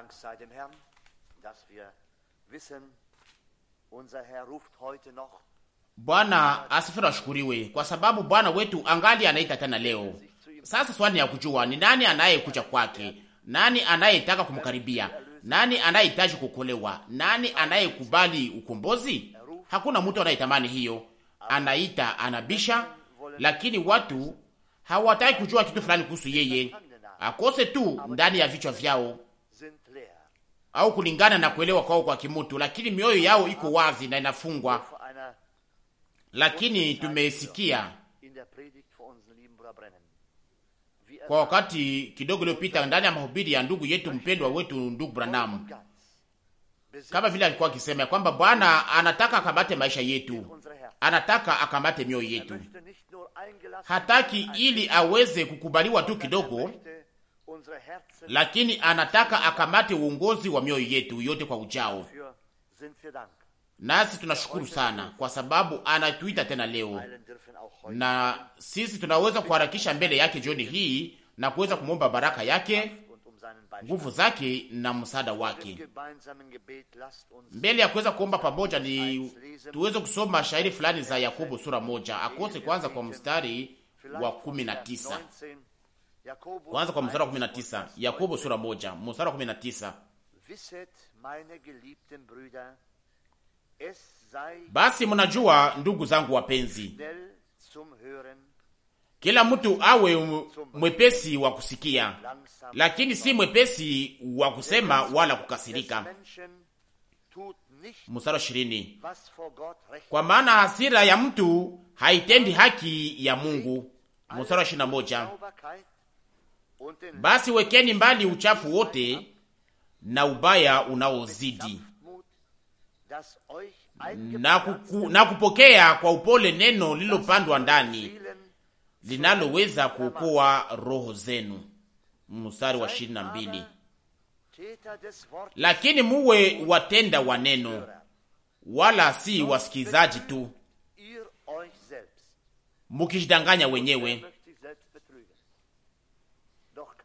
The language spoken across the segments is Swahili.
Dank sei dem Herrn, dass wir wissen, unser Herr ruft heute noch. Bwana asifiwe ashukuriwe, kwa sababu Bwana wetu angali anaita tena leo. Sasa swali ya kujua ni nani anayekuja kwake, nani anayetaka kumkaribia, nani anayehitaji kukolewa nani anayekubali ukombozi. Hakuna mtu anayetamani hiyo, anaita anabisha, lakini watu hawataki kujua kitu fulani kuhusu yeye, akose tu ndani ya vichwa vyao au kulingana na kuelewa kwao kwa kimutu, lakini mioyo yao iko wazi na inafungwa. Lakini tumesikia kwa wakati kidogo iliyopita ndani ya mahubiri ya ndugu yetu mpendwa wetu ndugu Branham, kama vile alikuwa akisema kwamba Bwana anataka akamate maisha yetu, anataka akamate mioyo yetu. Hataki ili aweze kukubaliwa tu kidogo lakini anataka akamate uongozi wa mioyo yetu yote kwa ujao. Nasi tunashukuru sana kwa sababu anatuita tena leo, na sisi tunaweza kuharakisha mbele yake jioni hii na kuweza kumwomba baraka yake, nguvu zake na msaada wake. Mbele ya kuweza kuomba pamoja, ni tuweze kusoma shairi fulani za Yakobo sura moja akose kwanza kwa mstari wa kumi na tisa kwanza kwa mstari wa 19, Yakobo sura moja mstari wa 19. Basi mnajua ndugu zangu wapenzi, kila mtu awe mwepesi wa kusikia, lakini si mwepesi wa kusema wala kukasirika. Mstari wa ishirini, kwa maana hasira ya mtu haitendi haki ya Mungu. Mstari wa ishirini na moja, basi wekeni mbali uchafu wote na ubaya unaozidi na, kuku, na kupokea kwa upole neno lililopandwa ndani linaloweza kuokoa roho zenu. Mstari wa ishirini mbili. Lakini muwe watenda wa neno, wala si wasikizaji tu mukijidanganya wenyewe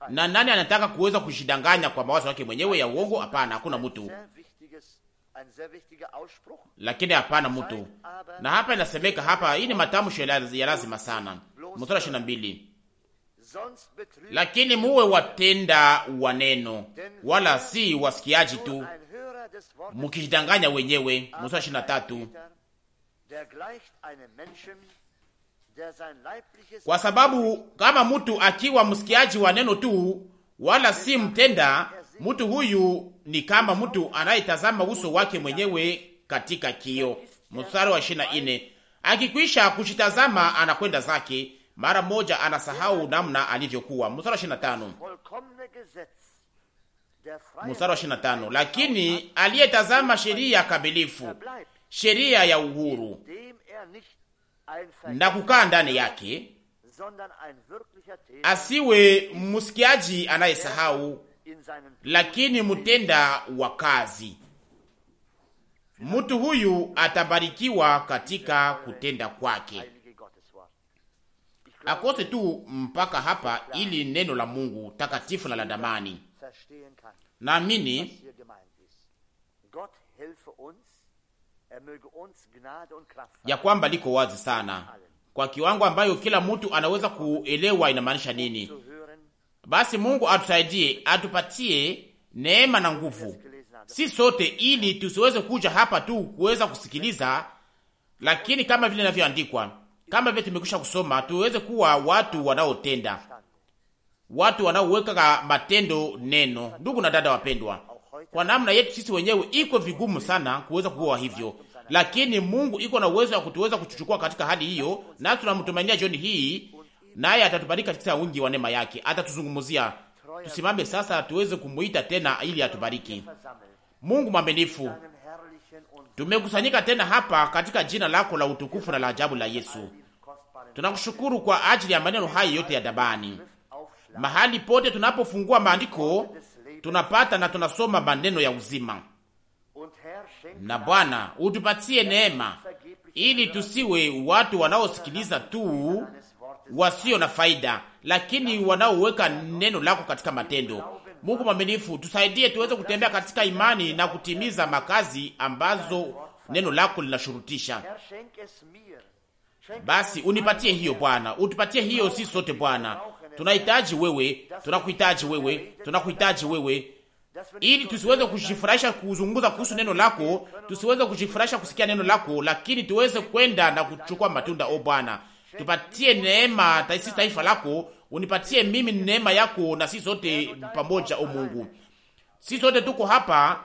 na nani anataka kuweza kushidanganya kwa mawazo yake mwenyewe ya uongo? Hapana, hakuna mtu, lakini hapana mtu. Na hapa inasemeka hapa, hii ni matamshi ya lazima sana, mstari ishirini na mbili lakini muwe watenda wa neno, wala si wasikiaji tu, mukijidanganya wenyewe. Mstari ishirini na tatu kwa sababu kama mtu akiwa msikiaji wa neno tu wala si mtenda, mtu huyu ni kama mtu anayetazama uso wake mwenyewe katika kio. Mstari wa ishirini na nne, akikwisha kuchitazama anakwenda zake, mara moja anasahau namna alivyokuwa. Mstari wa ishirini na tano. Mstari wa ishirini na tano, lakini aliyetazama sheria kabilifu kamilifu, sheria ya uhuru na kukaa ndani yake, asiwe msikiaji anayesahau, lakini mtenda wa kazi. Mtu huyu atabarikiwa katika kutenda kwake. Akose tu mpaka hapa, ili neno la Mungu takatifu na la damani, naamini Er ya kwamba liko wazi sana kwa kiwango ambayo kila mtu anaweza kuelewa inamaanisha nini. Basi Mungu atusaidie, atupatie neema na nguvu si sote, ili tusiweze kuja hapa tu kuweza kusikiliza, lakini kama vile inavyoandikwa, kama vile tumekwisha kusoma, tuweze kuwa watu wanaotenda, watu wanaoweka matendo neno. Ndugu na dada wapendwa, kwa namna yetu sisi wenyewe iko vigumu sana kuweza kuwa hivyo, lakini Mungu iko na uwezo wa kutuweza kuchuchukua katika hali hiyo, na tunamtumainia jioni hii, naye atatubariki katika wingi wa neema yake, atatuzungumzia. Tusimame sasa tuweze kumuita tena ili atubariki. Mungu mwaminifu, tumekusanyika tena hapa katika jina lako la utukufu na la ajabu la Yesu. Tunakushukuru kwa ajili ya maneno haya yote ya dabani. Mahali pote tunapofungua maandiko tunapata na tunasoma maneno ya uzima na Bwana utupatie neema, ili tusiwe watu wanaosikiliza tu wasio na faida, lakini wanaoweka neno lako katika matendo. Mungu mwaminifu, tusaidie tuweze kutembea katika imani na kutimiza makazi ambazo neno lako linashurutisha. Basi unipatie hiyo Bwana, utupatie hiyo sisi sote Bwana. Tunahitaji wewe, tunakuhitaji wewe, tunakuhitaji wewe ili tusiweze kujifurahisha kuzunguza kuhusu neno lako, tusiweze kujifurahisha kusikia neno lako, lakini tuweze kwenda na kuchukua matunda. O Bwana, tupatie neema taisi taifa lako, unipatie mimi neema yako na sisi sote pamoja. O Mungu, sisi sote tuko hapa,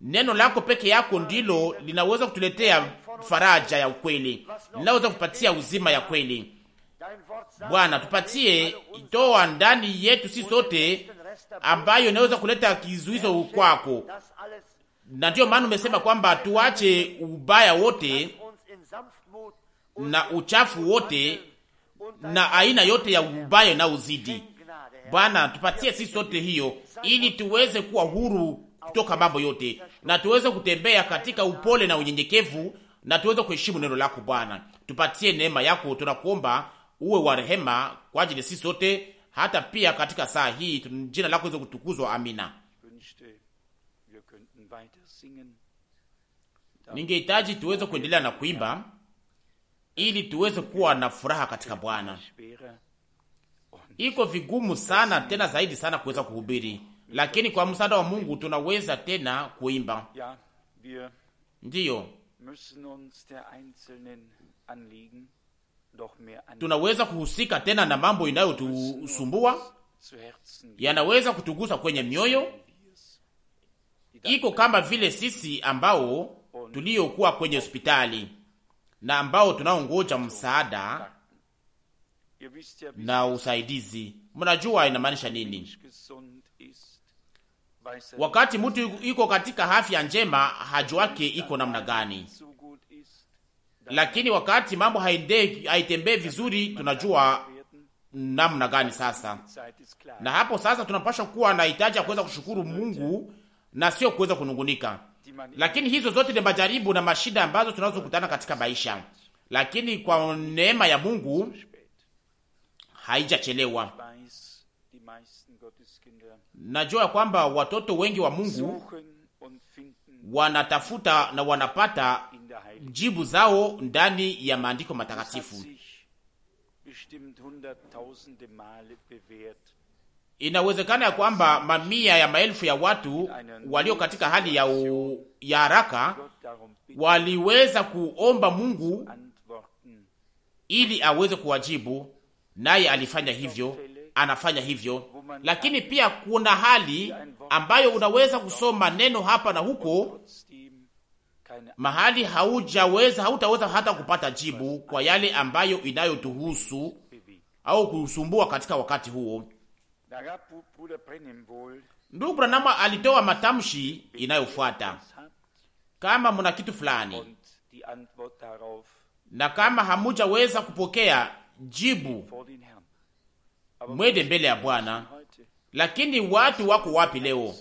neno lako peke yako ndilo linaweza kutuletea faraja ya ukweli, linaweza kupatia uzima ya kweli. Bwana, tupatie toa ndani yetu sisi sote ambayo inaweza kuleta kizuizo kwako, na ndiyo maana umesema kwamba tuache ubaya wote na uchafu wote na aina yote ya ubaya na uzidi. Bwana, tupatie sisi sote hiyo, ili tuweze kuwa huru kutoka mambo yote, na tuweze kutembea katika upole na unyenyekevu, na tuweze kuheshimu neno lako Bwana. Tupatie neema yako, tunakuomba uwe wa rehema kwa ajili sisi sote hata pia katika saa hii, jina lako liweze kutukuzwa. Amina. Ningehitaji tuweze kuendelea na kuimba ili tuweze kuwa na furaha katika Bwana. Iko vigumu sana tena zaidi sana kuweza kuhubiri, lakini kwa msaada wa Mungu tunaweza tena kuimba. Ndiyo tunaweza kuhusika tena na mambo inayotusumbua, yanaweza kutugusa kwenye mioyo. Iko kama vile sisi ambao tuliokuwa kwenye hospitali na ambao tunaongoja msaada na usaidizi. Mnajua inamaanisha nini? Wakati mtu iko katika afya njema, hajuake iko namna gani lakini wakati mambo haitembee vizuri, tunajua namna gani sasa. Na hapo sasa tunapashwa kuwa na hitaji ya kuweza kushukuru Mungu na sio kuweza kunungunika. Lakini hizo zote ni majaribu na mashida ambazo tunazokutana katika maisha, lakini kwa neema ya Mungu haijachelewa. Najua ya kwamba watoto wengi wa Mungu wanatafuta na wanapata jibu zao ndani ya maandiko matakatifu. Inawezekana ya kwamba mamia ya maelfu ya watu walio katika hali ya, u, ya haraka waliweza kuomba Mungu ili aweze kuwajibu, naye alifanya hivyo, anafanya hivyo. Lakini pia kuna hali ambayo unaweza kusoma neno hapa na huko mahali haujaweza, hautaweza hata kupata jibu kwa yale ambayo inayotuhusu au kusumbua katika wakati huo. Ndugu branama alitoa matamshi inayofuata: kama muna kitu fulani na kama hamujaweza kupokea jibu, mwende mbele ya Bwana. Lakini watu wako wapi leo?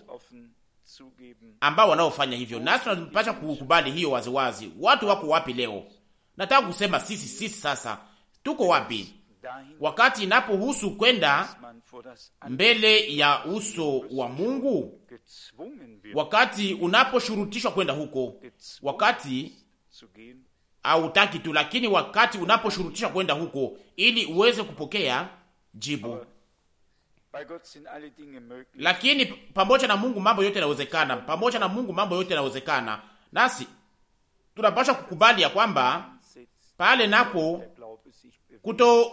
ambao wanaofanya hivyo, nasi tunapasha kukubali hiyo waziwazi wazi. Watu wako wapi leo? Nataka kusema sisi sisi sasa tuko wapi wakati inapohusu kwenda mbele ya uso wa Mungu, wakati unaposhurutishwa kwenda huko, wakati hautaki tu, lakini wakati unaposhurutishwa kwenda huko ili uweze kupokea jibu lakini pamoja na Mungu mambo yote yanawezekana. Pamoja na Mungu mambo yote yanawezekana, nasi tunapasha kukubali ya kwamba pale napo kuto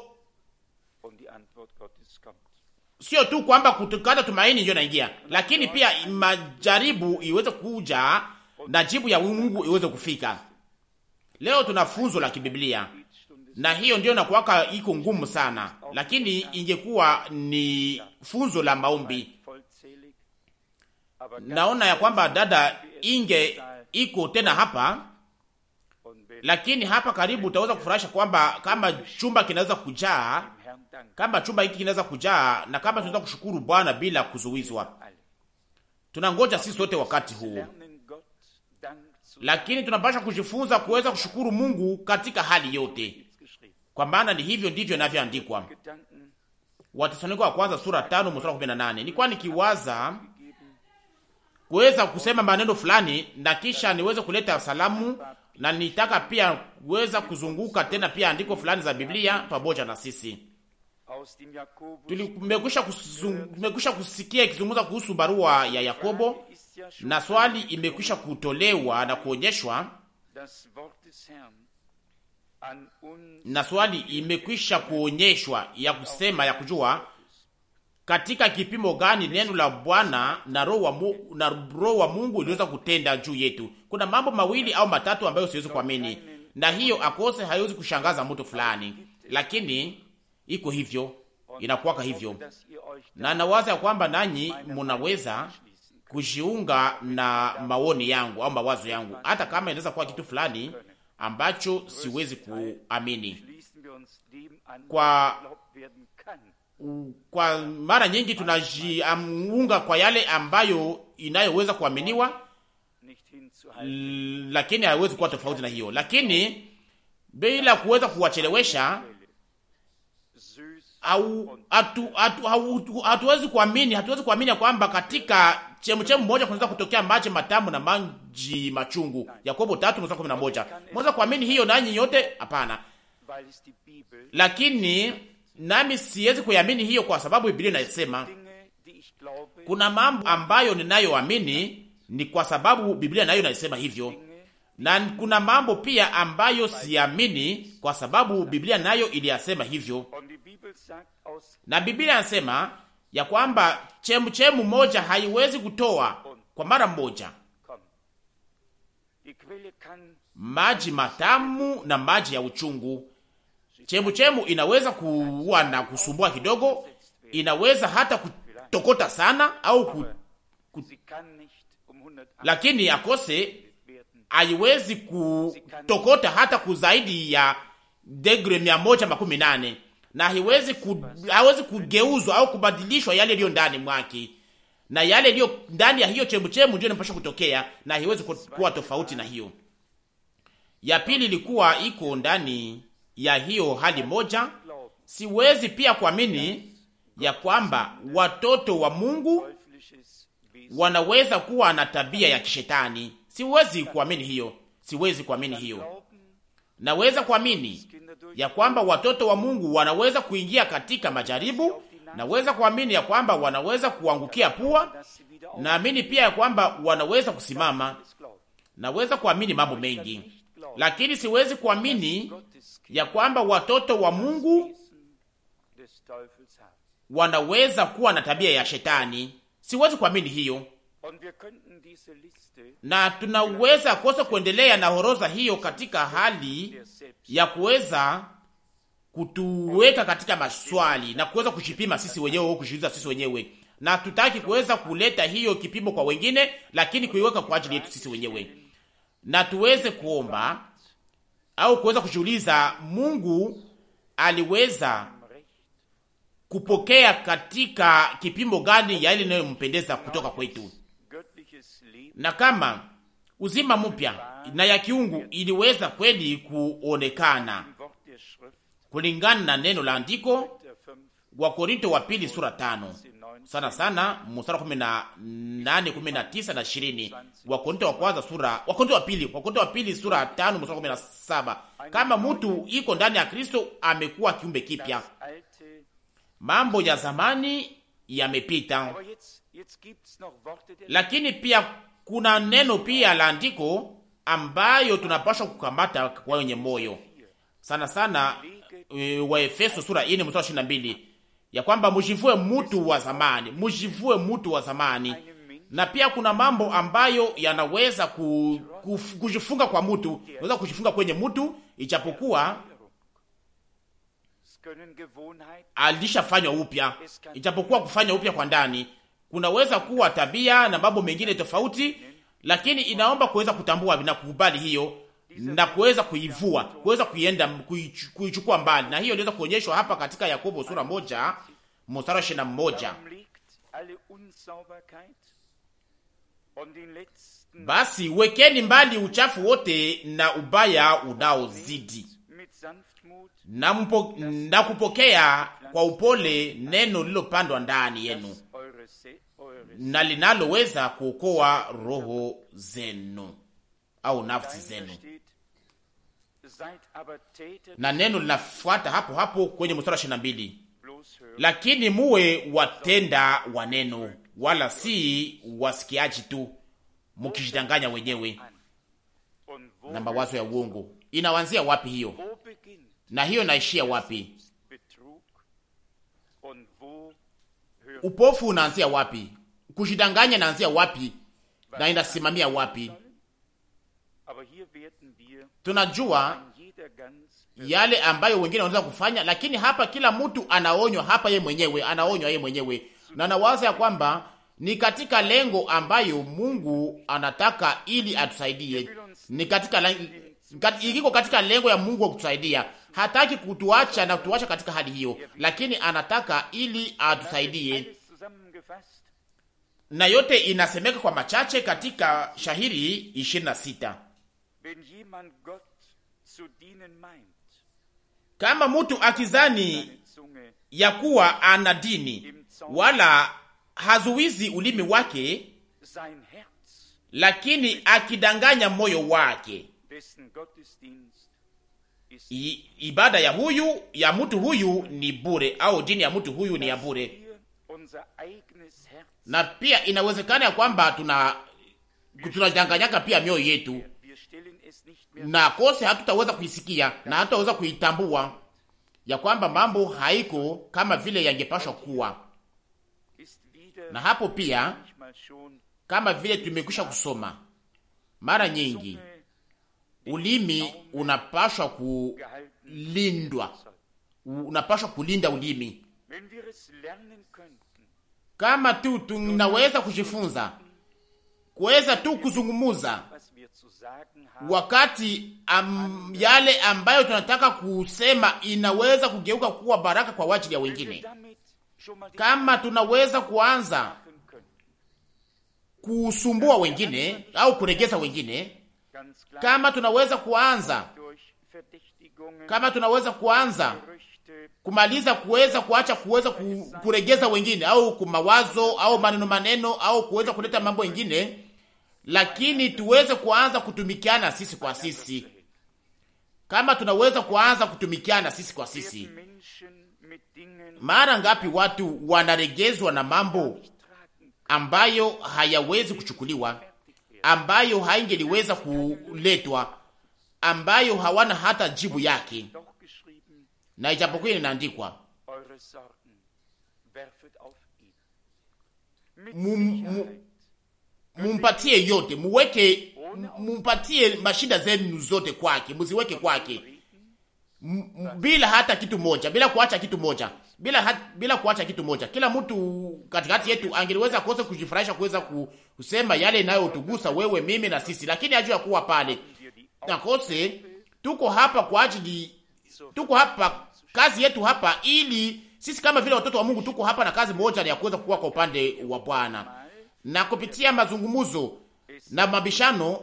sio tu kwamba kutukata tumaini ndio inaingia, lakini pia majaribu iweze kuja na jibu ya Mungu iweze kufika. Leo tuna funzo la kibiblia na hiyo ndio nakuwaka iko ngumu sana, lakini ingekuwa ni funzo la maombi. Naona ya kwamba dada Inge iko tena hapa, lakini hapa karibu utaweza kufurahisha kwamba kama chumba kinaweza kujaa, kama chumba hiki kinaweza kujaa, na kama tunaweza kushukuru Bwana bila kuzuizwa. Tunangoja sisi sote wakati huu, lakini tunapasha kujifunza kuweza kushukuru Mungu katika hali yote kwa maana ni hivyo ndivyo inavyoandikwa. Wathesalonike wa kwanza sura tano mstari kumi na nane. Nilikuwa nikiwaza kuweza kusema maneno fulani na kisha niweze kuleta salamu, na nitaka pia kuweza kuzunguka tena pia andiko fulani za Biblia pamoja na sisi. Tumekwisha kusikia ikizungumza kuhusu barua ya Yakobo, na swali imekwisha kutolewa na kuonyeshwa na swali imekwisha kuonyeshwa ya kusema ya kujua katika kipimo gani neno la Bwana na roho wa, na roho wa Mungu iliweza kutenda juu yetu. Kuna mambo mawili au matatu ambayo siwezi kuamini, na hiyo akose haiwezi kushangaza mtu fulani, lakini iko hivyo, inakuwaka hivyo, na nawaza ya kwamba nanyi munaweza kujiunga na maoni yangu au mawazo yangu, hata kama inaweza kuwa kitu fulani ambacho siwezi kuamini. Kwa, kwa mara nyingi tunajiunga kwa yale ambayo inayoweza kuaminiwa, lakini haiwezi kuwa tofauti na hiyo, lakini bila kuweza kuwachelewesha au hatuwezi kuamini, hatuwezi kuamini kwamba katika chemchemu moja kunaweza kutokea maji matamu na maji machungu, Yakobo 3:11. Mwanza kuamini hiyo nanyi yote? Hapana, lakini nami siwezi kuamini hiyo kwa sababu Biblia inasema. Kuna mambo ambayo ninayoamini ni kwa sababu Biblia nayo inasema hivyo, na kuna mambo pia ambayo siamini kwa sababu Biblia nayo iliyasema hivyo, na Biblia anasema ya kwamba chemu chemu moja haiwezi kutoa kwa mara moja maji matamu na maji ya uchungu. Chemu chemu inaweza kuwa na kusumbua kidogo, inaweza hata kutokota sana au ku, ku, lakini akose haiwezi kutokota hata kuzaidi ya degre mia moja makumi nane na hiwezi ku, hawezi kugeuzwa au kubadilishwa yale yaliyo ndani mwake, na yale yaliyo ndani ya hiyo chemchemu ndio inapaswa kutokea, na haiwezi kuwa tofauti na hiyo ya pili. Ilikuwa iko ndani ya hiyo hali moja. Siwezi pia kuamini ya kwamba watoto wa Mungu wanaweza kuwa na tabia ya kishetani. Siwezi kuamini hiyo, siwezi kuamini hiyo. Naweza kuamini ya kwamba watoto wa Mungu wanaweza kuingia katika majaribu. Naweza kuamini ya kwamba wanaweza kuangukia pua. Naamini pia ya kwamba wanaweza kusimama. Naweza kuamini mambo mengi, lakini siwezi kuamini ya kwamba watoto wa Mungu wanaweza kuwa na tabia ya shetani. Siwezi kuamini hiyo na tunaweza kuweza kuendelea na horoza hiyo katika hali ya kuweza kutuweka katika maswali na kuweza kushipima sisi wenyewe au kujiuliza sisi wenyewe, na tutaki kuweza kuleta hiyo kipimo kwa wengine, lakini kuiweka kwa ajili yetu sisi wenyewe, na tuweze kuomba au kuweza kujiuliza, Mungu aliweza kupokea katika kipimo gani ya ile inayompendeza kutoka kwetu na kama uzima mpya na ya kiungu iliweza kweli kuonekana kulingana na neno la andiko wa Korinto wa pili sura tano sana sana mstari kumi na nane kumi na tisa na ishirini wa Korinto wa kwanza sura wa Korinto wa pili wa Korinto wa pili sura tano mstari kumi na saba Kama mtu iko ndani ya Kristo amekuwa kiumbe kipya, mambo ya zamani yamepita, lakini pia kuna neno pia la andiko ambayo tunapaswa kukamata kwa wenye moyo sana sana. waefeso eh, wa Efeso sura ine mstari ishirini na mbili ya kwamba mujivue mutu wa zamani, mujivue mutu wa zamani. Na pia kuna mambo ambayo yanaweza ku, ku, kujifunga kwa mutu unaweza kujifunga kwenye mutu ichapokuwa alishafanywa upya, ichapokuwa kufanywa upya kwa ndani kunaweza kuwa tabia na mambo mengine tofauti, lakini inaomba kuweza kutambua na kukubali hiyo na kuweza kuivua, kuweza kuienda kuichukua mbali, na hiyo inaweza kuonyeshwa hapa katika Yakobo sura moja mstari ishirini na moja basi wekeni mbali uchafu wote na ubaya unaozidi na, na kupokea kwa upole neno lilopandwa ndani yenu na linaloweza kuokoa roho zenu au nafsi zenu. Na neno linafuata hapo hapo kwenye mstari wa ishirini na mbili, lakini muwe watenda wa neno, wala si wasikiaji tu, mukijidanganya wenyewe na mawazo ya uongo. Inawanzia wapi hiyo? Na hiyo naishia wapi? Upofu unaanzia wapi? Kushidanganya naanzia wapi na inasimamia wapi? Tunajua yale ambayo wengine wanaweza kufanya, lakini hapa kila mtu anaonywa, hapa ye mwenyewe anaonywa ye mwenyewe, na nawaza ya kwamba ni katika lengo ambayo Mungu anataka ili atusaidie, ni katika ikiko katika lengo ya Mungu wa kutusaidia. Hataki kutuacha na kutuacha katika hali hiyo, lakini anataka ili atusaidie na yote inasemeka kwa machache katika shahiri 26. Kama mtu akizani ya kuwa ana dini wala hazuizi ulimi wake, lakini akidanganya moyo wake, ibada ya huyu ya mtu huyu ni bure, au dini ya mtu huyu ni ya bure na pia inawezekana ya kwamba tuna tunadanganyaka pia mioyo yetu, na kose hatutaweza kuisikia na hatutaweza kuitambua ya kwamba mambo haiko kama vile yangepashwa kuwa. Na hapo pia kama vile tumekwisha kusoma mara nyingi, ulimi unapashwa kulindwa, unapashwa kulinda ulimi kama tu tunaweza kujifunza kuweza tu kuzungumuza wakati am, yale ambayo tunataka kusema inaweza kugeuka kuwa baraka kwa ajili ya wengine, kama tunaweza kuanza kusumbua wengine au kuregeza wengine, kama tunaweza kuanza kama tunaweza kuanza kumaliza kuweza kuacha kuweza kuregeza wengine au kumawazo au maneno maneno au kuweza kuleta mambo mengine, lakini tuweze kuanza kutumikiana sisi kwa sisi. Kama tunaweza kuanza kutumikiana sisi kwa sisi, mara ngapi watu wanaregezwa na mambo ambayo hayawezi kuchukuliwa, ambayo haingeliweza kuletwa, ambayo hawana hata jibu yake na ijapokuwa inaandikwa mumpatie yote, muweke mumpatie mashida zenu zote kwake, muziweke kwake bila hata kitu moja, bila kuacha kitu moja, bila hat, bila kuacha kitu moja. Kila mtu katikati yetu angeliweza kose kujifurahisha kuweza kusema yale inayotugusa wewe, mimi na sisi, lakini ajua kuwa pale na kose tuko hapa kwa ajili, tuko hapa kazi yetu hapa, ili sisi kama vile watoto wa Mungu tuko hapa na kazi moja ya kuweza kuwa kwa upande wa Bwana, na kupitia mazungumzo na mabishano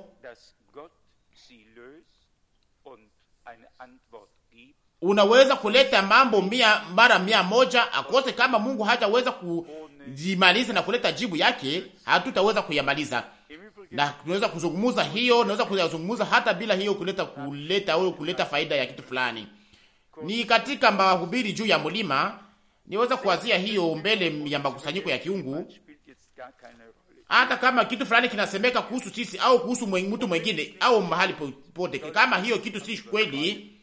unaweza kuleta mambo mia mara mia moja akose, kama Mungu hajaweza kujimaliza na kuleta jibu yake, hatutaweza kuyamaliza, na tunaweza kuzungumza hiyo, naweza kuzungumza hata bila hiyo kuleta kuleta au kuleta faida ya kitu fulani ni katika mahubiri juu ya mlima. Niweza kuwazia hiyo mbele ya makusanyiko ya kiungu, hata kama kitu fulani kinasemeka kuhusu sisi au kuhusu mtu mwengine au mahali popote, kama hiyo kitu si kweli,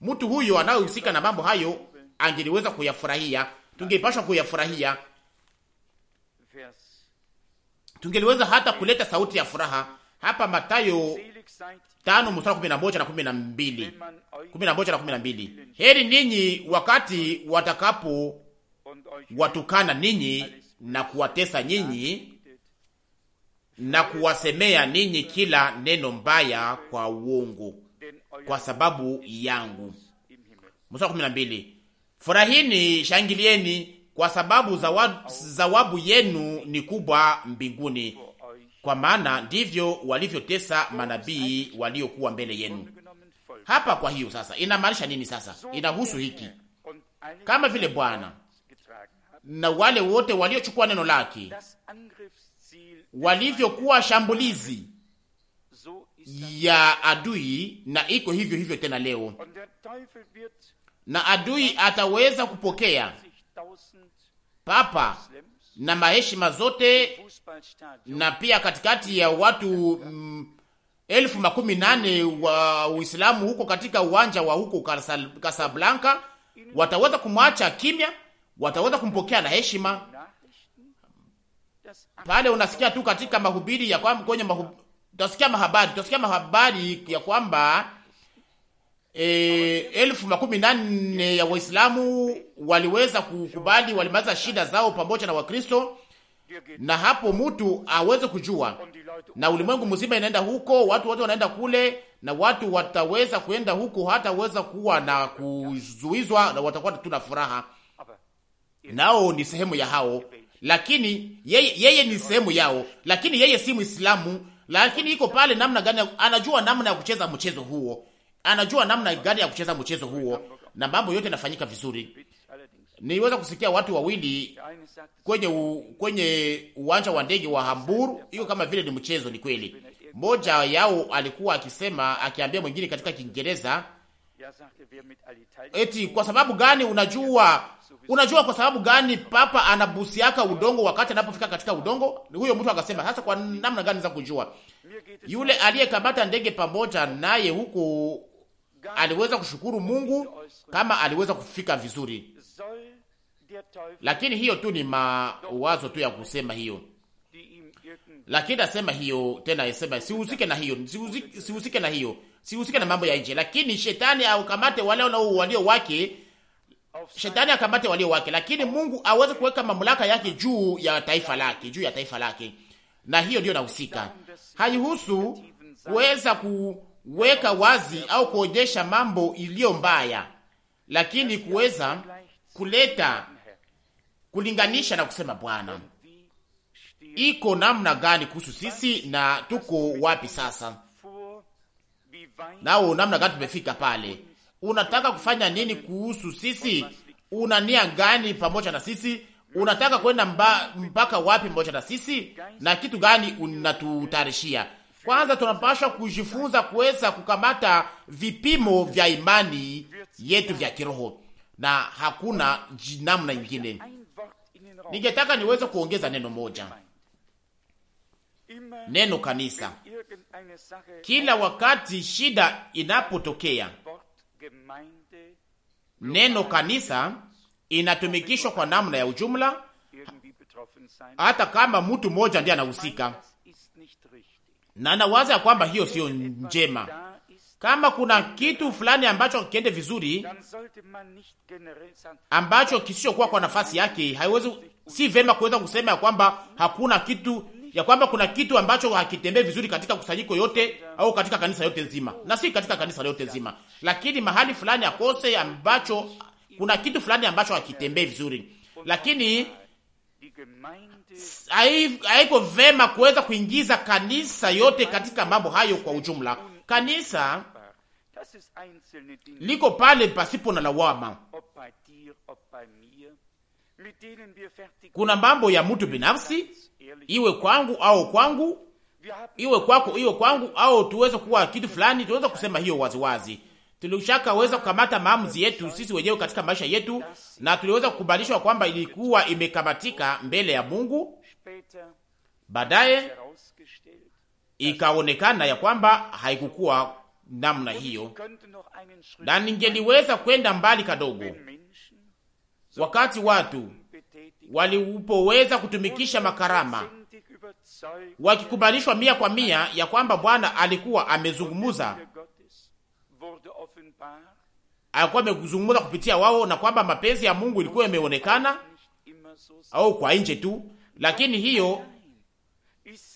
mtu huyo anayohusika na mambo hayo angeliweza kuyafurahia, tungepashwa kuyafurahia, tungeliweza hata kuleta sauti ya furaha. Hapa Matayo tano mstari kumi na moja na kumi na mbili kumi na moja na kumi na mbili heri ninyi wakati watakapo watukana ninyi na kuwatesa nyinyi na kuwasemea ninyi kila neno mbaya kwa uongo kwa sababu yangu. Mstari kumi na mbili furahini, shangilieni kwa sababu zawabu, zawabu yenu ni kubwa mbinguni, kwa maana ndivyo walivyotesa manabii waliokuwa mbele yenu. Hapa kwa hiyo sasa inamaanisha nini? Sasa inahusu hiki kama vile Bwana na wale wote waliochukua neno lake walivyokuwa shambulizi ya adui, na iko hivyo hivyo tena leo, na adui ataweza kupokea papa na maheshima zote, na pia katikati ya watu mm, elfu makumi nane wa Uislamu huko katika uwanja wa huko Casablanca, wataweza kumwacha kimya, wataweza kumpokea na heshima. Pale unasikia tu katika mahubiri ya kwamba kwenye mahubiri, utasikia mahabari, utasikia mahabari ya kwamba e, elfu makumi nane ya Waislamu waliweza kukubali, walimaliza shida zao pamoja na Wakristo, na hapo mtu aweze kujua, na ulimwengu mzima inaenda huko, watu wote wanaenda kule, na watu wataweza kuenda huko, hataweza kuwa na kuzuizwa, na watakuwa na furaha, nao ni sehemu ya hao lakini yeye, yeye ni sehemu yao, lakini yeye si muislamu lakini iko pale namna gani, anajua namna ya kucheza mchezo huo, anajua namna gani ya kucheza mchezo huo, na mambo yote yanafanyika vizuri. Niweza kusikia watu wawili kwenye u, kwenye uwanja wa ndege wa Hamburu, hiyo kama vile ni mchezo, ni kweli. Mmoja yao alikuwa akisema, akiambia mwingine katika Kiingereza eti kwa sababu gani unajua unajua kwa sababu gani papa anabusiaka udongo wakati anapofika katika udongo? Huyo mtu akasema, sasa kwa namna gani za kujua? Yule aliyekamata ndege pamoja naye huku aliweza kushukuru Mungu kama aliweza kufika vizuri, lakini hiyo tu ni mawazo tu ya kusema hiyo, lakini asema hiyo tena, asema sihusike na hiyo, sihusike na hiyo, sihusike na mambo ya nje, lakini shetani aukamate wale walio wake shetani akamate walio wake, lakini Mungu aweze kuweka mamlaka yake juu ya taifa lake, juu ya taifa lake, na hiyo ndio nahusika. Haihusu kuweza ku weka wazi au kuonyesha mambo iliyo mbaya, lakini kuweza kuleta kulinganisha na kusema Bwana, iko namna gani kuhusu sisi na tuko wapi sasa, nao namna gani tumefika pale? Unataka kufanya nini kuhusu sisi? Una nia gani pamoja na sisi? Unataka kwenda mba, mpaka wapi pamoja na sisi, na kitu gani unatutarishia? Kwanza tunapasha kujifunza kuweza kukamata vipimo vya imani yetu vya kiroho, na hakuna namna nyingine. Ningetaka niweze kuongeza neno moja, neno kanisa. Kila wakati shida inapotokea, neno kanisa inatumikishwa kwa namna ya ujumla, hata kama mtu mmoja ndiye anahusika na nawaza ya kwamba hiyo siyo njema. Kama kuna kitu fulani ambacho kiende vizuri ambacho kisichokuwa kwa nafasi yake, haiwezi si vema kuweza kusema ya kwamba hakuna kitu ya kwamba kuna kitu ambacho hakitembei vizuri katika kusanyiko yote au katika kanisa yote nzima, na si katika kanisa yote nzima, lakini mahali fulani akose ambacho kuna kitu fulani ambacho hakitembei vizuri, lakini haiko vema kuweza kuingiza kanisa yote katika mambo hayo kwa ujumla. Kanisa liko pale pasipo na lawama. Kuna mambo ya mtu binafsi, iwe kwangu au kwangu, iwe kwako, iwe kwangu au tuweze kuwa kitu fulani, tuweze kusema hiyo waziwazi wazi tulishaka weza kukamata maamuzi yetu sisi wenyewe katika maisha yetu, na tuliweza kukubalishwa kwamba ilikuwa imekamatika mbele ya Mungu. Baadaye ikaonekana ya kwamba haikukuwa namna hiyo, na ningeliweza kwenda mbali kadogo, wakati watu walipoweza kutumikisha makarama wakikubalishwa mia kwa mia ya kwamba Bwana alikuwa amezungumuza alikuwa amezungumza kupitia wao, na kwamba mapenzi ya Mungu ilikuwa imeonekana au kwa nje tu, lakini hiyo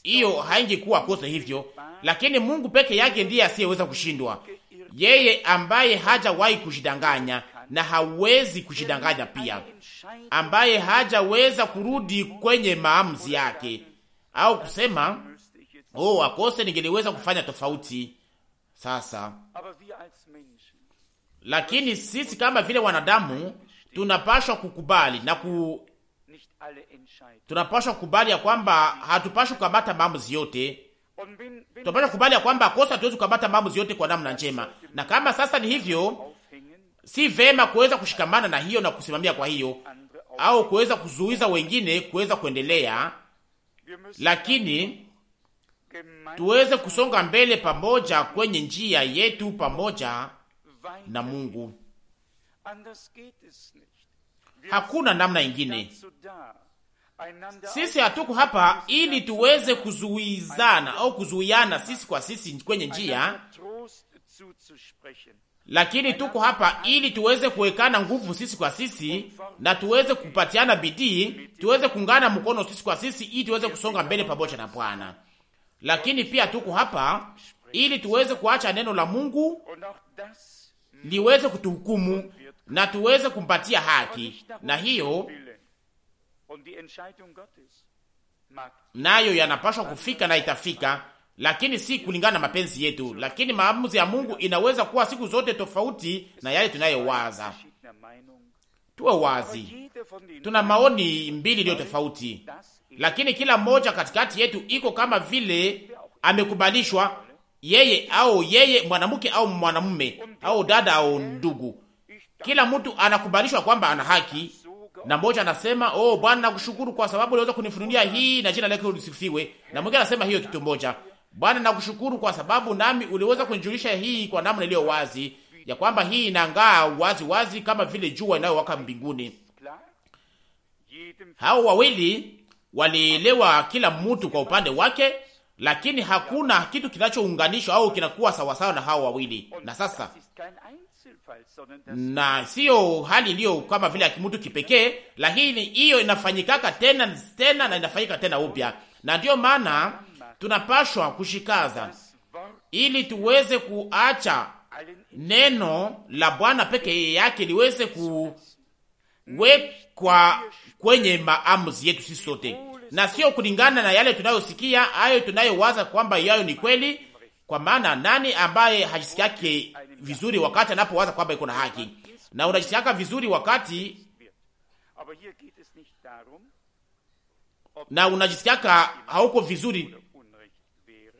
hiyo haingekuwa kosa hivyo. Lakini Mungu peke yake ndiye asiyeweza kushindwa, yeye ambaye hajawahi kujidanganya na hawezi kujidanganya pia, ambaye hajaweza kurudi kwenye maamuzi yake au kusema oh, akose ningeliweza kufanya tofauti. Sasa lakini sisi kama vile wanadamu tunapashwa kukubali na ku tunapashwa kukubali ya kwamba hatupashwi kukamata maamuzi yote. Tunapashwa kukubali ya kwamba kosa, hatuwezi kukamata maamuzi yote kwa namna njema, na kama sasa ni hivyo, si vema kuweza kushikamana na hiyo na kusimamia kwa hiyo, au kuweza kuzuiza wengine kuweza kuendelea, lakini tuweze kusonga mbele pamoja kwenye njia yetu pamoja na Mungu. Hakuna namna ingine. Sisi hatuko hapa ili tuweze kuzuizana au kuzuiana sisi kwa sisi kwenye njia, lakini tuko hapa ili tuweze kuwekana nguvu sisi kwa sisi na tuweze kupatiana bidii, tuweze kuungana mkono sisi kwa sisi, ili tuweze kusonga mbele pamoja na Bwana. Lakini pia tuko hapa ili tuweze kuacha neno la Mungu liweze kutuhukumu na tuweze kumpatia haki, na hiyo nayo yanapashwa kufika na itafika, lakini si kulingana na mapenzi yetu. Lakini maamuzi ya Mungu inaweza kuwa siku zote tofauti na yale tunayowaza. Tuwe wazi, tuna maoni mbili iliyo tofauti, lakini kila mmoja katikati yetu iko kama vile amekubalishwa yeye au yeye mwanamke au mwanamume au dada au ndugu, kila mtu anakubalishwa kwamba ana haki. Na mmoja anasema oh, Bwana nakushukuru kwa sababu uliweza kunifunulia hii na jina lako lisifiwe, na mwingine anasema hiyo kitu moja, Bwana nakushukuru kwa sababu nami uliweza kunijulisha hii kwa namna iliyo wazi ya kwamba hii inang'aa wazi wazi kama vile jua inayowaka mbinguni. Hao wawili walielewa kila mtu kwa upande wake lakini hakuna kitu kinachounganishwa au kinakuwa sawasawa na hao wawili. Na sasa na siyo hali iliyo kama vile akimtu kipekee, lakini hiyo inafanyikaka tena tena na inafanyika tena upya, na ndiyo maana tunapashwa kushikaza ili tuweze kuacha neno la Bwana peke yake liweze kuwekwa kwenye maamuzi yetu sisi sote na sio kulingana na yale tunayosikia, hayo tunayowaza kwamba yayo ni kweli. Kwa maana nani ambaye hajisikiake vizuri wakati anapowaza kwamba iko na haki, na unajisikiaka vizuri wakati na unajisikiaka hauko vizuri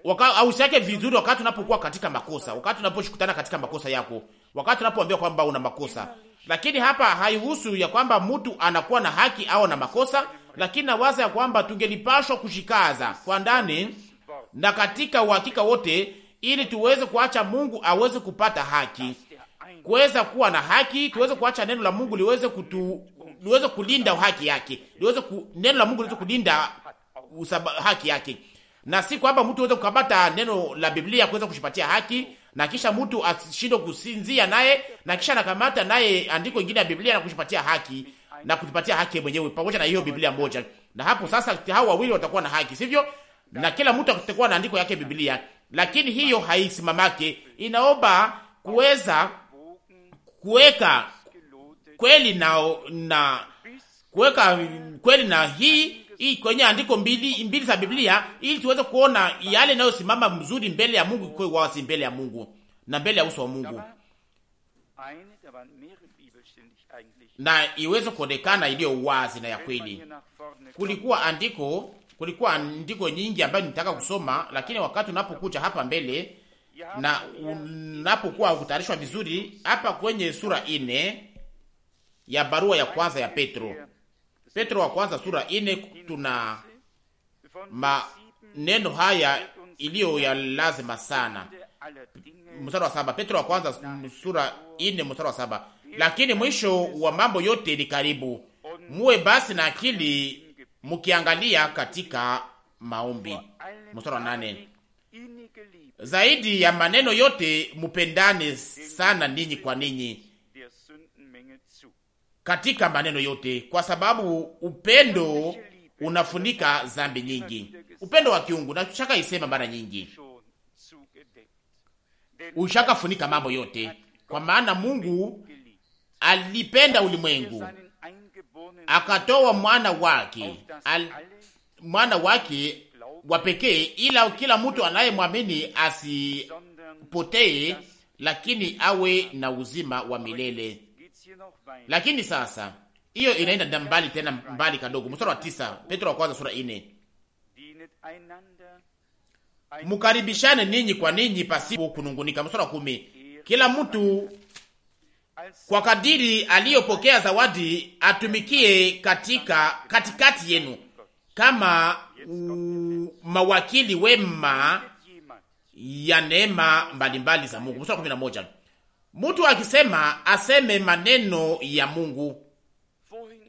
au ausiake vizuri wakati unapokuwa katika makosa, wakati unaposhukutana katika makosa yako, wakati unapoambiwa kwamba una makosa. Lakini hapa haihusu ya kwamba mtu anakuwa na haki au na makosa, lakini nawaza ya kwamba tungelipashwa kushikaza kwa ndani na katika uhakika wote, ili tuweze kuacha Mungu aweze kupata haki, kuweza kuwa na haki, tuweze kuacha neno la Mungu liweze kutu liweze kulinda haki yake, liweze ku, neno la Mungu liweze kulinda usaba, haki yake, na si kwamba mtu aweze kukabata neno la Biblia kuweza kushipatia haki na kisha mtu ashindwe kusinzia naye na kisha anakamata naye andiko ingine ya Biblia na kushipatia haki na kutupatia haki mwenyewe pamoja na hiyo Biblia moja, na hapo sasa hao wawili watakuwa na haki, sivyo? Na kila mtu atakuwa na andiko yake Biblia, lakini hiyo haisimamake, inaomba kuweza kuweka kweli na, na kuweka kweli na hii hii kwenye andiko mbili mbili za Biblia ili tuweze kuona yale inayosimama mzuri mbele ya Mungu kwa wazi mbele ya Mungu na mbele ya uso wa Mungu na iweze kuonekana iliyo wazi na ya kweli. Kulikuwa andiko, kulikuwa andiko nyingi ambayo nitaka kusoma, lakini wakati unapokuja hapa mbele na unapokuwa kutayarishwa vizuri, hapa kwenye sura ine ya barua ya kwanza ya Petro, Petro wa kwanza sura ine, tuna maneno haya iliyo ya lazima sana. Mstari wa saba, Petro wa kwanza sura ine mstari wa saba lakini mwisho wa mambo yote ni karibu. Muwe basi na akili mukiangalia katika maombi. Mstari wa nane: zaidi ya maneno yote mupendane sana ninyi kwa ninyi katika maneno yote, kwa sababu upendo unafunika zambi nyingi. Upendo wa kiungu na tushaka isema mara nyingi, ushaka funika mambo yote, kwa maana Mungu alipenda ulimwengu akatoa mwana wake al, mwana wake wa pekee, ila kila mtu anayemwamini asipotee, lakini awe na uzima wa milele. Lakini sasa hiyo inaenda mbali tena mbali kadogo. Mstari wa tisa, Petro wa kwanza sura ine, mukaribishane ninyi kwa ninyi pasipo kunungunika. Mstari wa kumi, kila mtu kwa kadiri aliyopokea zawadi atumikie katika katikati yenu kama mawakili wema ya neema mbalimbali za Mungu. Mstari kumi na moja, mtu akisema aseme maneno ya Mungu,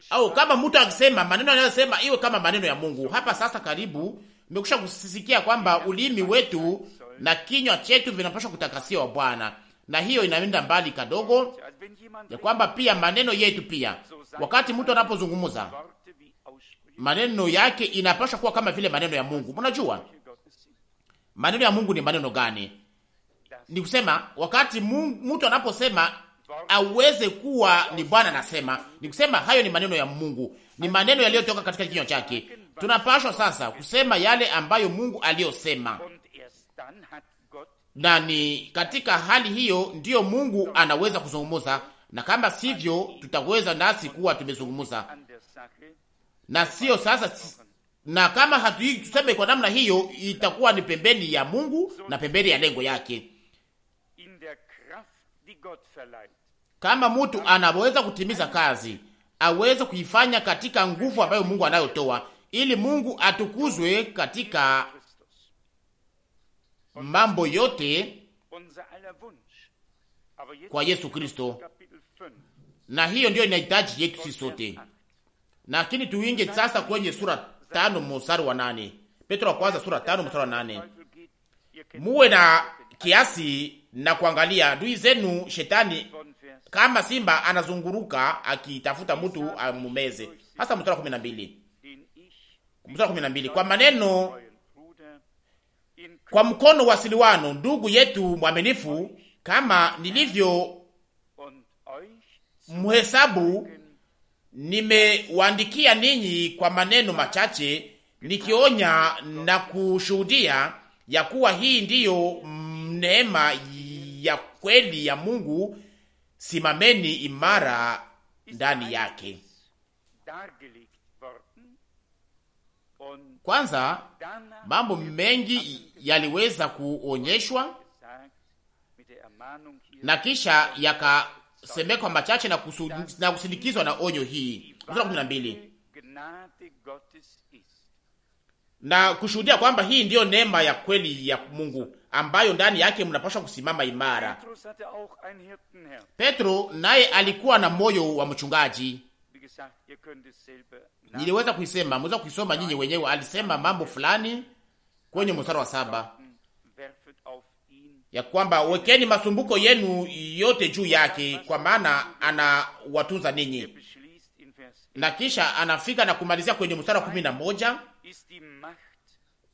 au kama mtu akisema maneno anayosema iwe kama maneno ya Mungu. Hapa sasa, karibu nimekusha kusisikia kwamba ulimi wetu na kinywa chetu vinapaswa kutakasiwa Bwana, na hiyo inaenda mbali kadogo ya kwamba pia maneno yetu pia, wakati mtu anapozungumza maneno yake inapaswa kuwa kama vile maneno ya Mungu. Mnajua maneno ya Mungu ni maneno gani? Ni kusema wakati mtu anaposema aweze kuwa ni Bwana anasema, ni kusema hayo ni maneno ya Mungu, ni maneno yaliyotoka katika kinywa chake. Tunapashwa sasa kusema yale ambayo Mungu aliyosema, na ni katika hali hiyo ndiyo Mungu anaweza kuzungumuza, na kama sivyo, tutaweza nasi kuwa tumezungumuza na sio sasa. Na kama hatu tuseme kwa namna hiyo, itakuwa ni pembeni ya Mungu na pembeni ya lengo yake. Kama mtu anaweza kutimiza kazi, aweze kuifanya katika nguvu ambayo Mungu anayotoa, ili Mungu atukuzwe katika mambo yote kwa Yesu Kristo, na hiyo ndiyo inahitaji yetu sisi sote. Lakini tuinge sasa kwenye sura tano mstari wa nane Petro wa kwanza sura tano mstari wa nane muwe na kiasi na kuangalia dui zenu shetani kama simba anazunguruka akitafuta mtu amumeze. Hasa mstari wa kumi na mbili mstari wa kumi na mbili kwa maneno kwa mkono wa Silwano ndugu yetu mwaminifu, kama nilivyo mhesabu, nimewaandikia ninyi kwa maneno machache, nikionya na kushuhudia ya kuwa hii ndiyo neema ya kweli ya Mungu. Simameni imara ndani yake. Kwanza mambo mengi yaliweza kuonyeshwa na kisha yakasemekwa machache na, na kusindikizwa na onyo hii kumi na mbili na kushuhudia kwamba hii ndiyo neema ya kweli ya Mungu ambayo ndani yake mnapashwa kusimama imara. Petro naye alikuwa na moyo wa mchungaji niliweza kuisema, mweza kuisoma nyinyi wenyewe. Alisema mambo fulani kwenye mstari wa saba ya kwamba wekeni masumbuko yenu yote juu yake, kwa maana anawatunza ninyi. Na kisha anafika na kumalizia kwenye mstari wa kumi na moja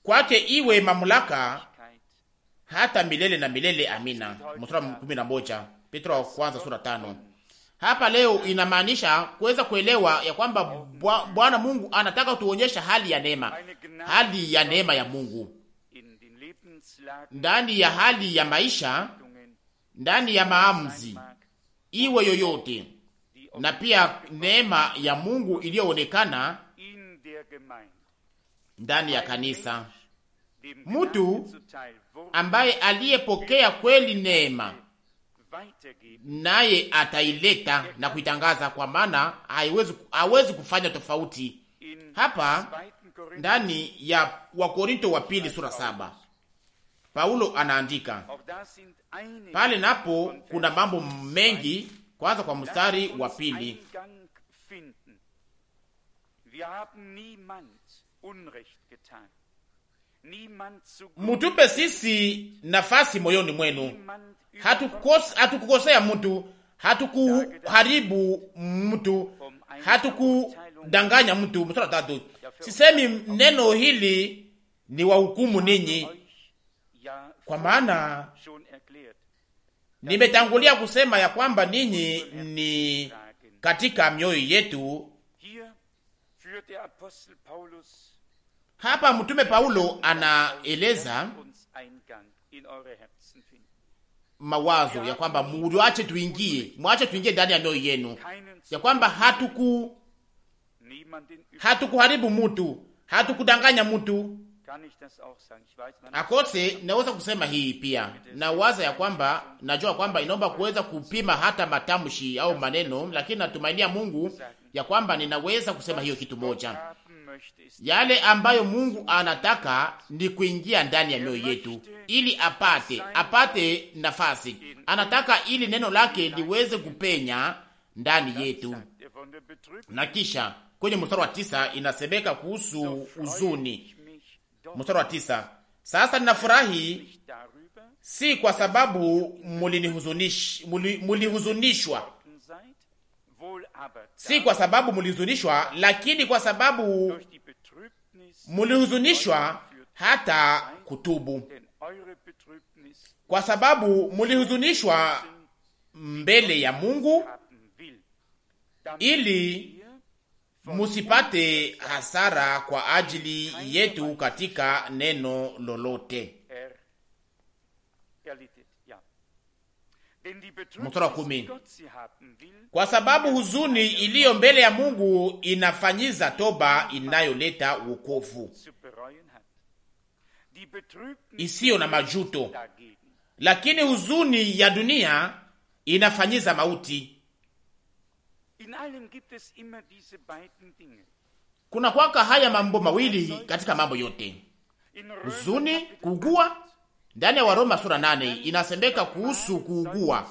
kwake iwe mamlaka hata milele na milele, amina. Mstari wa kumi na moja Petro wa kwanza sura tano hapa leo inamaanisha kuweza kuelewa ya kwamba Bwana Mungu anataka tuonyesha hali ya neema, hali ya neema ya Mungu ndani ya hali ya maisha, ndani ya maamuzi iwe yoyote, na pia neema ya Mungu iliyoonekana ndani ya kanisa. Mtu ambaye aliyepokea kweli neema naye ataileta na kuitangaza, kwa maana haiwezi hawezi kufanya tofauti hapa. Ndani ya Wakorinto wa pili sura saba Paulo anaandika pale, napo kuna mambo mengi. Kwanza kwa mstari wa pili mutupe sisi nafasi moyoni mwenu. Hatukukosea mtu, hatukuharibu mtu, hatukudanganya mtu. Mstari tatu, sisemi neno hili ni wahukumu ninyi, kwa maana nimetangulia kusema ya kwamba ninyi ni katika mioyo yetu. Hapa mtume Paulo anaeleza mawazo ya kwamba muache tuingie, mwache tuingie ndani ya mioyo yenu, ya kwamba hatuku hatukuharibu mtu, hatukudanganya mtu akose. Naweza kusema hii pia nawaza ya kwamba najua kwamba inaomba kuweza kupima hata matamshi au maneno, lakini natumainia Mungu ya kwamba ninaweza kusema hiyo kitu moja yale ambayo Mungu anataka ni kuingia ndani ya mioyo yetu, ili apate apate nafasi. Anataka ili neno lake liweze kupenya ndani yetu. Na kisha kwenye mstari wa tisa inasemeka kuhusu uzuni. Mstari wa tisa: sasa ninafurahi si kwa sababu mulihuzunishwa si kwa sababu mulihuzunishwa, lakini kwa sababu mulihuzunishwa hata kutubu, kwa sababu mulihuzunishwa mbele ya Mungu ili musipate hasara kwa ajili yetu katika neno lolote. mstari wa kumi, kwa sababu huzuni iliyo mbele ya Mungu inafanyiza toba inayoleta wokovu isiyo na majuto, lakini huzuni ya dunia inafanyiza mauti. Kuna kwaka haya mambo mawili katika mambo yote, huzuni, kuugua ndani ya Waroma sura nane inasemeka kuhusu kuugua,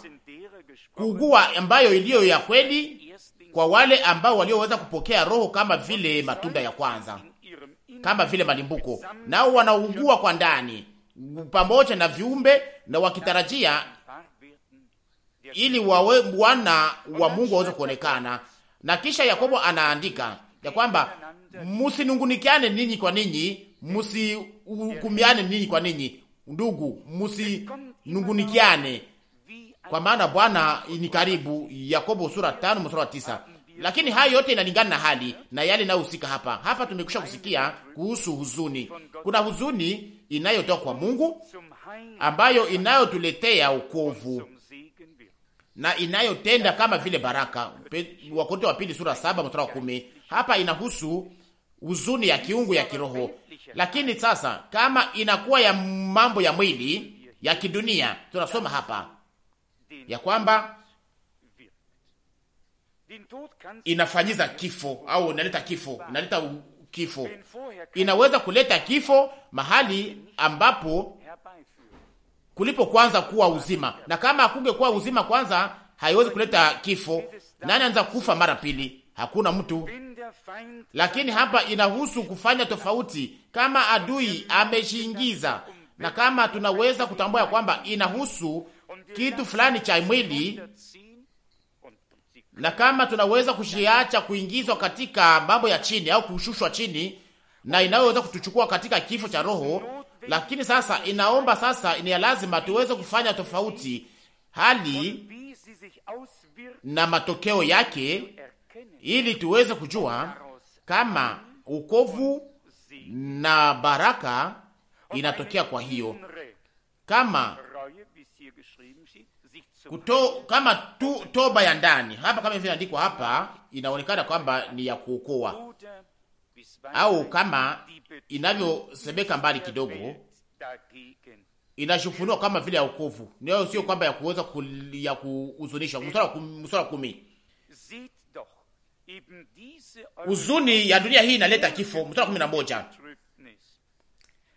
kuugua ambayo iliyo ya kweli kwa wale ambao walioweza kupokea Roho kama vile matunda ya kwanza, kama vile malimbuko, nao wanaugua kwa ndani pamoja na viumbe na wakitarajia ili wawe Bwana wa Mungu waweze kuonekana. Na kisha Yakobo anaandika ya kwamba msinungunikiane ninyi kwa ninyi, msihukumiane ninyi kwa ninyi, Ndugu, musinungunikiane kwa maana Bwana ni karibu. Yakobo sura tano mstari wa tisa. Lakini hayo yote inalingana na hali na yale inayohusika hapa hapa. Tumekwisha kusikia kuhusu huzuni. Kuna huzuni inayotoka kwa Mungu ambayo inayotuletea ukovu na inayotenda kama vile baraka. Wakorintho wa pili sura saba mstari wa kumi. Hapa inahusu huzuni ya kiungu ya kiroho lakini sasa kama inakuwa ya mambo ya mwili ya kidunia, tunasoma hapa ya kwamba inafanyiza kifo au inaleta kifo, inaleta kifo, inaweza kuleta kifo mahali ambapo kulipo kwanza kuwa uzima, na kama kuwa uzima kwanza, haiwezi kuleta kifo. Nani anaweza kufa mara pili? Hakuna mtu lakini hapa inahusu kufanya tofauti. Kama adui ameshiingiza, na kama tunaweza kutambua ya kwamba inahusu kitu fulani cha mwili, na kama tunaweza kushiacha kuingizwa katika mambo ya chini au kushushwa chini, na inayoweza kutuchukua katika kifo cha roho. Lakini sasa inaomba sasa, ni lazima tuweze kufanya tofauti hali na matokeo yake ili tuweze kujua kama ukovu na baraka inatokea. Kwa hiyo kama kuto, kama tu, toba ya ndani hapa, kama ilivyoandikwa hapa, inaonekana kwamba ni ya kuokoa au kama inavyosemeka mbali kidogo, inashufunua kama vile ya ukovu, nayo sio kwamba ya kuweza ya kuhuzunisha. Mstari wa kumi huzuni ya dunia hii inaleta kifo. Mstari kumi na moja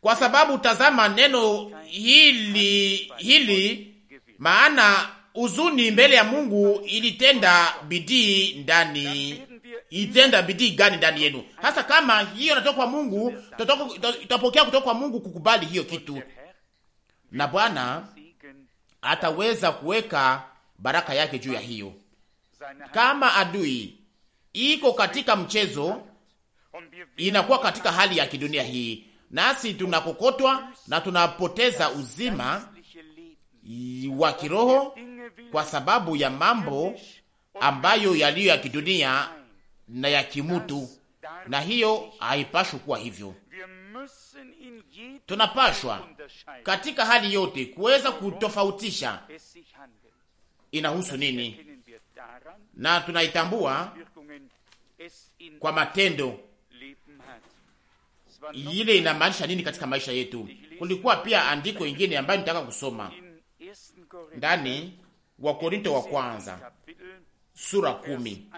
kwa sababu tazama neno hili hili, maana huzuni mbele ya Mungu ilitenda bidii ndani itenda bidii gani ndani yenu? Hasa kama hiyo natoka kwa Mungu, tutapokea kutoka kwa Mungu kukubali hiyo kitu, na Bwana ataweza kuweka baraka yake juu ya hiyo. Kama adui iko katika mchezo, inakuwa katika hali ya kidunia hii, nasi tunakokotwa na tunapoteza uzima wa kiroho kwa sababu ya mambo ambayo yaliyo ya kidunia na ya kimutu, na hiyo haipashwi kuwa hivyo. Tunapashwa katika hali yote kuweza kutofautisha inahusu nini, na tunaitambua kwa matendo. Ile inamaanisha nini katika maisha yetu? Kulikuwa pia andiko ingine ambayo nitaka kusoma ndani wa Korinto wa kwanza sura kumi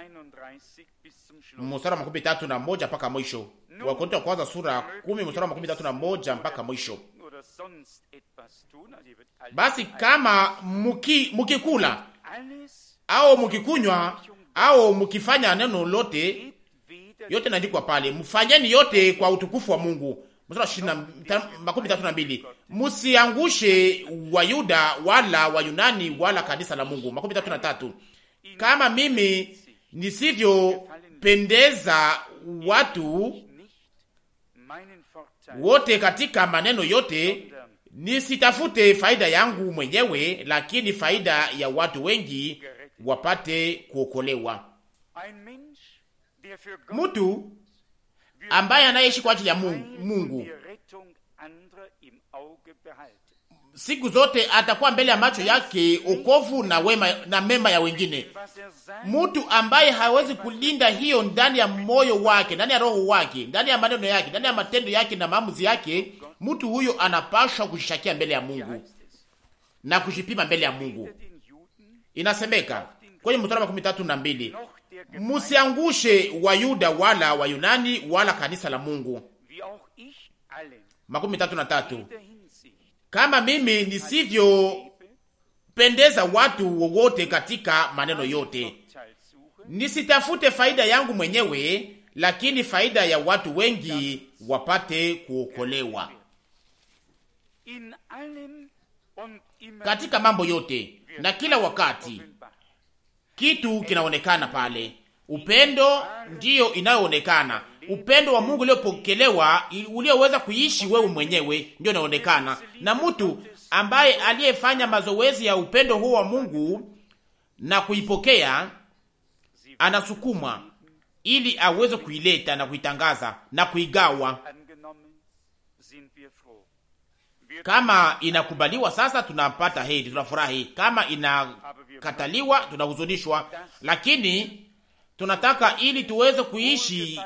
mstari wa makumi tatu na moja mpaka mwisho. Wa Korinto wa kwanza sura kumi mstari wa makumi tatu na moja mpaka mwisho. Basi kama muki, mukikula au mukikunywa au mukifanya neno lote yote naandikwa pale, mfanyeni yote kwa utukufu wa Mungu. Makumi tatu na mbili, msiangushe Wayuda wala Wayunani wala kanisa la Mungu. Makumi tatu na tatu, kama mimi nisivyopendeza watu wote katika maneno yote, nisitafute faida yangu mwenyewe, lakini faida ya watu wengi wapate kuokolewa mtu ambaye anayeishi kwa ajili ya Mungu siku zote atakuwa mbele ya macho yake okovu na wema na mema ya wengine. Mtu ambaye hawezi kulinda hiyo ndani ya moyo wake, ndani ya roho wake, ndani ya maneno yake, ndani ya matendo yake na maamuzi yake, mtu huyo anapashwa kujishakia mbele ya Mungu na kujipima mbele ya Mungu. Inasemeka kwenye mstari wa makumi tatu na mbili musiangushe Wayuda wala Wayunani wala kanisa la Mungu. Makumi tatu na tatu. Kama mimi pendeza watu wowote katika maneno yote, nisitafute faida yangu mwenyewe, lakini faida ya watu wengi wapate kuokolewa. Katika mambo yote na kila wakati kitu kinaonekana pale. Upendo ndiyo inayoonekana, upendo wa Mungu uliopokelewa, ulioweza kuishi wewe mwenyewe, ndio inaonekana. Na mtu ambaye aliyefanya mazoezi ya upendo huo wa Mungu na kuipokea, anasukumwa ili aweze kuileta na kuitangaza na kuigawa kama inakubaliwa sasa, tunapata heri, tunafurahi. Kama inakataliwa, tunahuzunishwa, lakini tunataka ili tuweze kuishi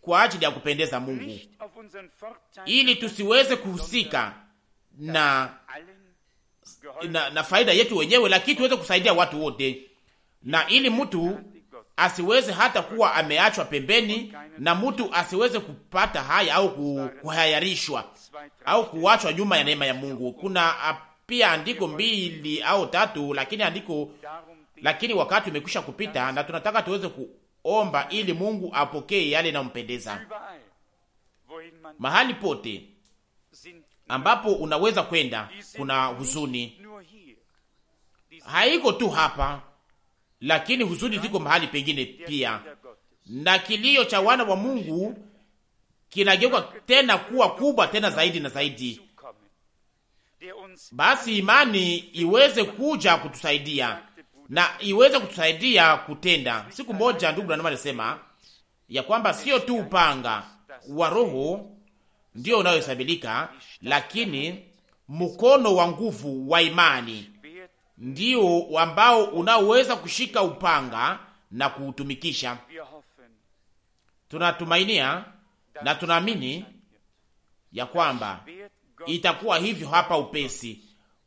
kwa ajili ya kupendeza Mungu, ili tusiweze kuhusika na, na, na faida yetu wenyewe, lakini tuweze kusaidia watu wote, na ili mtu asiweze hata kuwa ameachwa pembeni na mtu asiweze kupata haya au kuhayarishwa au kuachwa nyuma ya neema ya Mungu. Kuna ah, pia andiko mbili au tatu, lakini andiko lakini wakati umekwisha kupita, na tunataka tuweze kuomba ili Mungu apokee yale inayompendeza. Mahali pote ambapo unaweza kwenda kuna huzuni, haiko tu hapa lakini huzuni ziko mahali pengine pia, na kilio cha wana wa Mungu kinageuka tena kuwa kubwa tena zaidi na zaidi. Basi imani iweze kuja kutusaidia na iweze kutusaidia kutenda. Siku moja ndugu Branham alisema ya kwamba sio tu upanga wa roho ndio unayosabilika, lakini mkono wa nguvu wa imani ndio ambao unaoweza kushika upanga na kuutumikisha. Tunatumainia na tunaamini ya kwamba itakuwa hivyo hapa upesi.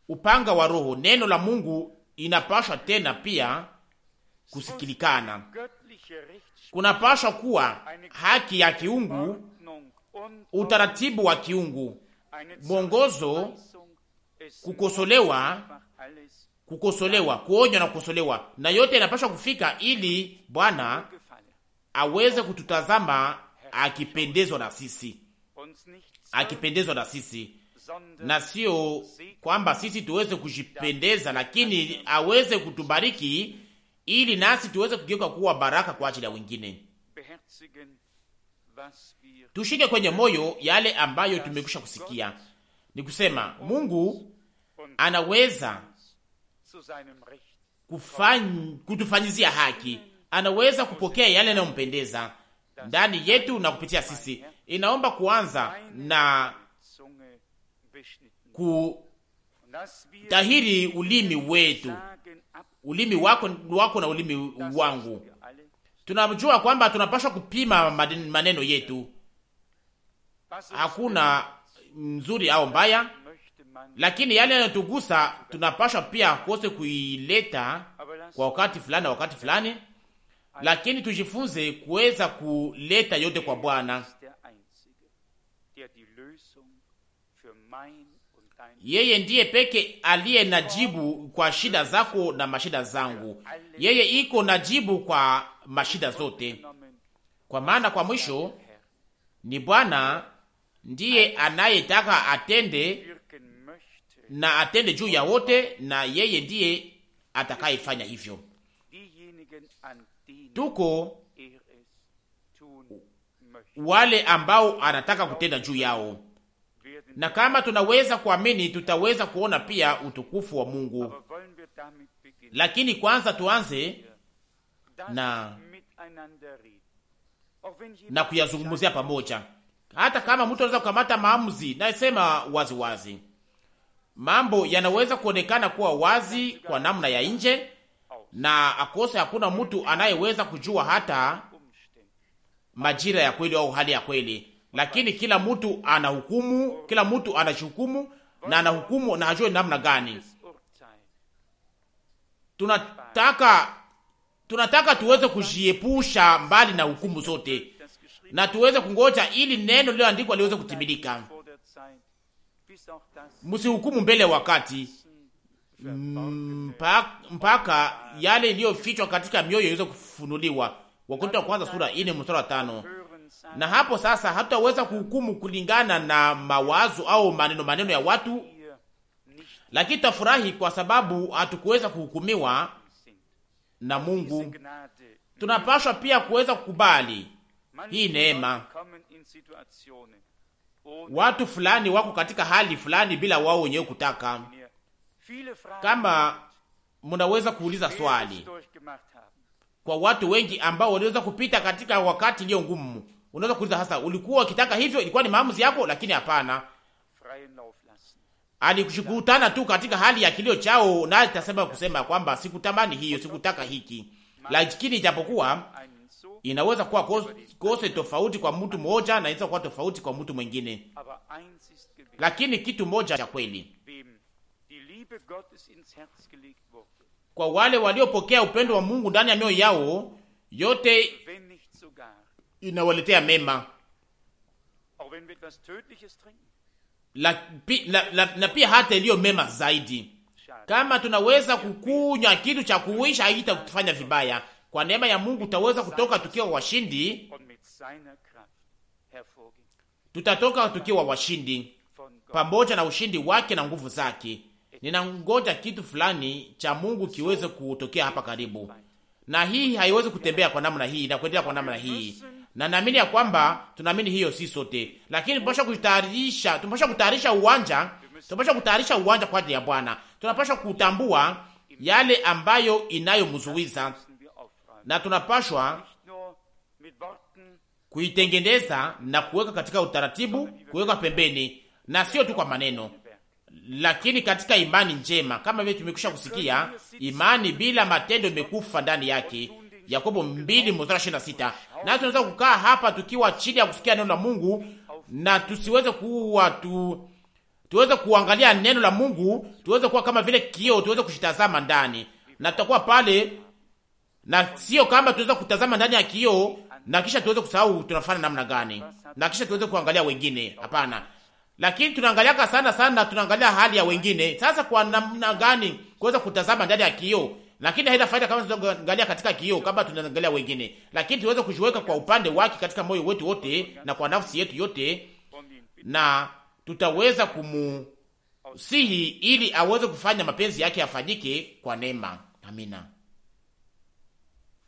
Upanga wa Roho, neno la Mungu inapashwa tena pia kusikilikana, kunapashwa kuwa haki ya kiungu, utaratibu wa kiungu, mwongozo, kukosolewa kukosolewa, kuonywa na kukosolewa, na yote yanapaswa kufika ili Bwana aweze kututazama akipendezwa na sisi, akipendezwa na sisi, na sio kwamba sisi tuweze kujipendeza, lakini aweze kutubariki ili nasi tuweze kugeuka kuwa baraka kwa ajili ya wengine. Tushike kwenye moyo yale ambayo tumekwisha kusikia, ni kusema Mungu anaweza kutufanyizia haki, anaweza kupokea yale yanayompendeza ndani yetu na kupitia sisi. Inaomba kuanza na kutahiri ulimi wetu, ulimi wako, wako na ulimi wangu. Tunajua kwamba tunapashwa kupima maneno yetu, hakuna nzuri au mbaya lakini yale yanayotugusa tunapashwa pia kose kuileta kwa wakati fulani na wakati fulani, lakini tujifunze kuweza kuleta yote kwa Bwana. Yeye ndiye peke aliye na jibu kwa shida zako na mashida zangu. Yeye iko na jibu kwa mashida zote, kwa maana kwa mwisho ni Bwana ndiye anayetaka atende na atende juu ya wote, na yeye ndiye atakayefanya hivyo. Tuko wale ambao anataka kutenda juu yao, na kama tunaweza kuamini, tutaweza kuona pia utukufu wa Mungu. Lakini kwanza tuanze na na kuyazungumzia pamoja, hata kama mtu anaweza kukamata maamuzi, nasema waziwazi mambo yanaweza kuonekana kuwa wazi kwa namna ya nje, na akose hakuna mtu anayeweza kujua hata majira ya kweli au hali ya kweli, lakini kila mtu anahukumu, kila mtu anajihukumu na anahukumu na hajue namna gani. Tunataka tunataka tuweze kujiepusha mbali na hukumu zote na tuweze kungoja ili neno lililoandikwa liweze kutimilika msihukumu mbele wakati mpaka yale iliyofichwa katika mioyo iweze kufunuliwa. Wakorintho wa kwanza sura ine mstari wa tano. Na hapo sasa hatutaweza kuhukumu kulingana na mawazo au maneno maneno ya watu, lakini tafurahi kwa sababu hatukuweza kuhukumiwa na Mungu. Tunapashwa pia kuweza kukubali hii neema watu fulani wako katika hali fulani bila wao wenyewe kutaka. Kama mnaweza kuuliza swali kwa watu wengi ambao waliweza kupita katika wakati iliyo ngumu, unaweza kuuliza hasa, ulikuwa ukitaka hivyo? Ilikuwa ni maamuzi yako? Lakini hapana, alikushukutana tu katika hali ya kilio chao, na atasema kusema kwamba sikutamani hiyo, sikutaka hiki, lakini ijapokuwa inaweza kuwa kose, kose tofauti kwa mtu mmoja na inaweza kuwa tofauti kwa mtu mwingine, lakini kitu moja cha kweli kwa wale waliopokea upendo wa Mungu ndani ya mioyo yao, yote inawaletea mema la, la, la, na pia hata iliyo mema zaidi. Kama tunaweza kukunywa kitu cha kuisha, haita kutufanya vibaya kwa neema ya Mungu tutaweza kutoka tukiwa washindi, tutatoka tukiwa washindi pamoja na ushindi wake na nguvu zake. Ninangoja kitu fulani cha Mungu kiweze kutokea hapa karibu, na hii haiwezi kutembea kwa namna hii na kuendelea kwa namna hii, na naamini ya kwamba tunaamini hiyo, si sote, lakini tunapaswa kutayarisha, tunapaswa kutayarisha uwanja, tunapaswa kutayarisha uwanja kwa ajili ya Bwana. Tunapasha kutambua yale ambayo inayomzuiza na tunapashwa kuitengeneza na kuweka katika utaratibu, kuweka pembeni, na sio tu kwa maneno, lakini katika imani njema, kama vile tumekwisha kusikia, imani bila matendo imekufa ndani yake. Yakobo 2:26. Na tunaweza kukaa hapa tukiwa chini ya kusikia neno la Mungu na tusiweze kuwa tu tuweze kuangalia neno la Mungu, tuweze kuwa kama vile kio tuweze kushitazama ndani, na tutakuwa pale na sio kama tuweza kutazama ndani ya kio na kisha tuweze kusahau tunafanya namna gani, na kisha tuweze kuangalia wengine. Hapana, lakini tunaangaliaka sana sana, tunaangalia hali ya wengine. Sasa kwa namna gani kuweza kutazama ndani ya kio? lakini haina faida kama tunaangalia katika kio kama tunaangalia wengine, lakini tuweze kujiweka kwa upande wake katika moyo wetu wote na kwa nafsi yetu yote, na tutaweza kumusihi ili aweze kufanya mapenzi yake afanyike kwa neema. Amina.